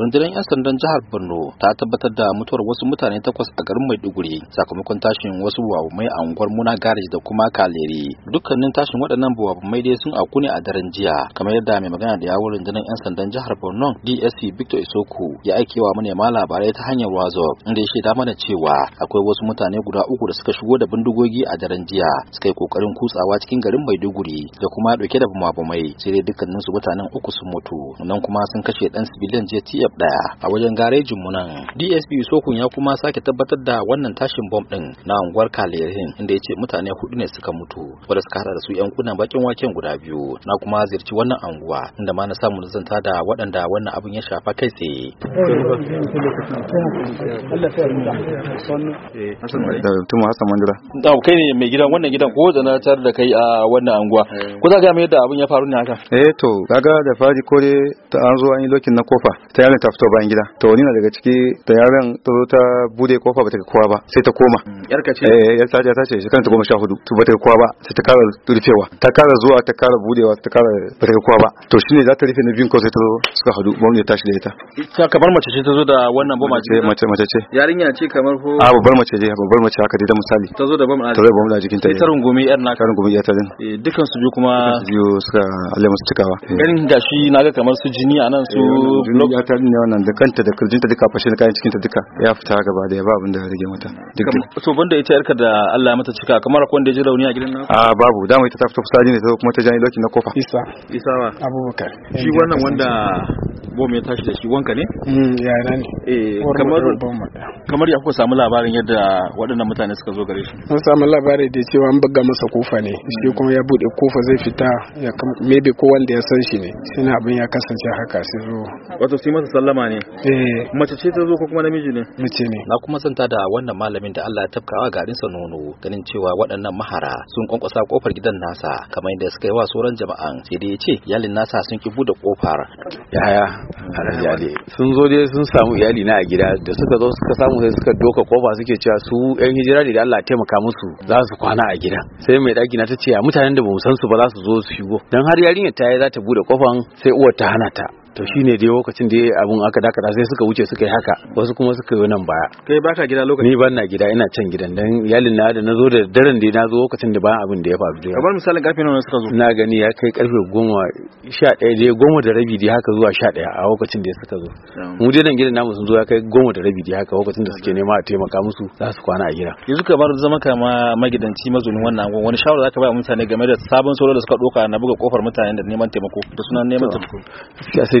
rundunar 'yan sandan jihar borno ta tabbatar da mutuwar wasu mutane takwas a garin maiduguri sakamakon tashin wasu wawumai a unguwar muna garage da kuma kaleri dukkanin tashin waɗannan buwabumai dai sun auku ne a daren jiya kamar yadda mai magana da yawon rundunar 'yan sandan jihar borno dsc victor isoku ya aikewa ma labarai ta hanyar wazo inda ya shaida mana cewa akwai wasu mutane guda uku da suka shigo da bindigogi a daren jiya suka yi kokarin kutsawa cikin garin maiduguri da kuma dauke da bumabumai sai dai dukkaninsu mutanen uku sun mutu nan kuma sun kashe dan sibiliyan jtf squad daya a wajen garejin mu nan DSP Sokun ya kuma sake tabbatar da wannan tashin bom din na unguwar Kalerin inda ya ce mutane hudu ne suka mutu wanda suka hada da su yan kunan bakin waken guda biyu na kuma ziyarci wannan anguwa inda ma na samu nazanta da waɗanda wannan abin ya shafa kai tsaye da kai ne mai gidan wannan gidan ko da na tar da kai a wannan anguwa ko za ga mai yadda abin ya faru ne haka eh to kaga da fari kore ta an zo an yi lokin na kofa ta yaron ta fito bayan gida to wani na daga ciki da yaron ta zo ta bude kofa bata kowa ba sai ta koma mm. yar ka ce eh yar ta ce shekaran ta goma sha hudu to bata kowa ba sai ta kara rufewa ta kara zuwa ta kara budewa ta kara bata kowa ba to shine za ta rufe na biyun ko sai ta zo suka hadu ba ya tashi da ita ita kamar mace ce ta zo da wannan ce mace mace ce yarinya ce kamar ko a babbar mace ce babbar mace haka dai da misali ta zo da ta zo da ita rungumi yar na karin gumi din eh, su biyu kuma biyu suka musu ganin gashi naga kamar su jini anan su eh, fari ne wannan da kanta da kirjinta duka fashe da kayan cikinta duka ya fita gaba da ya ba abin da ya rage mata to banda ita yarka da Allah ya mata cika kamar akwai wanda ya ji rauni a gidan nan a ah, babu dama ita ta fita fitsari ne ta kuma ta jani loki na kofa isa isa wa abubakar shi wannan wanda bom ya tashi da shi wanka ne mm yara ne eh kamar kamar ya kuka samu labarin yadda waɗannan mutane suka zo gare shi mun samu labarin da cewa an buga masa kofa ne shi hmm. kuma ya bude kofa zai fita ya maybe ko wanda ya san shi ne shi na abin ya kasance haka sai zo wato sai masa sallama ne eh mace ce ta zo ko kuma namiji ne mace ne na kuma santa da wannan malamin da Allah ya tafkawa garin sa nono ganin cewa waɗannan mahara sun kwankwasa kofar gidan nasa kamar yadda suka yi wa sauran jama'an sai dai ya ce yalin nasa sun ki bude kofar yaya iyali sun zo dai sun samu iyali na a gida da suka zo suka samu sai suka doka kofa suke cewa su yan hijira da Allah taimaka musu za su kwana a gida sai mai daki na ta ce mutanen da ba mu san su ba za su zo su shigo dan har yarinyar ta yi za ta bude kofan sai uwar ta hana ta to shine dai lokacin da abun aka dakata sai suka wuce suka yi haka wasu kuma suka yi nan baya kai baka gida lokacin ni ban na gida ina can gidan dan iyalin na da nazo da daren da nazo lokacin da ba abin da ya faru da bar misalin karfe nawa suka zo na gani ya kai karfe 10 11 dai 10 da rabi dai haka zuwa 11 a lokacin da suka zo mu dai nan gidan namu sun zo ya kai 10 da rabi dai haka lokacin da suke nema a taimaka musu za su kwana a gida yanzu ka bar zama kama magidanci mazunin wannan angon wani shawara zaka ba mutane game da sabon solo da suka doka na buga kofar mutanen da neman taimako da sunan neman taimako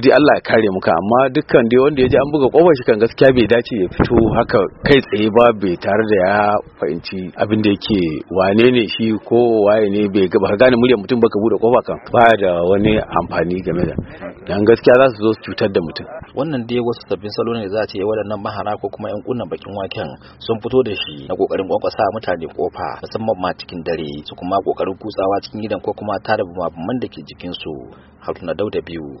sai dai Allah ya kare muka amma dukkan dai wanda ya ji an buga kofar shi kan gaskiya bai dace ya fito haka kai tsaye ba bai tare da ya fahimci abin da yake wane ne shi ko waye ne bai ga gane muryar mutum baka bude kofa kan ba da wani amfani game da dan gaskiya za su zo su cutar da mutum wannan dai wasu sabbin salo ne za a ce waɗannan mahara ko kuma yan kunnan bakin waken sun fito da shi na kokarin kwankwasa mutane kofa musamman ma cikin dare su kuma kokarin kutsawa cikin gidan ko kuma tare bumabuman da ke jikin su haruna dauda biyu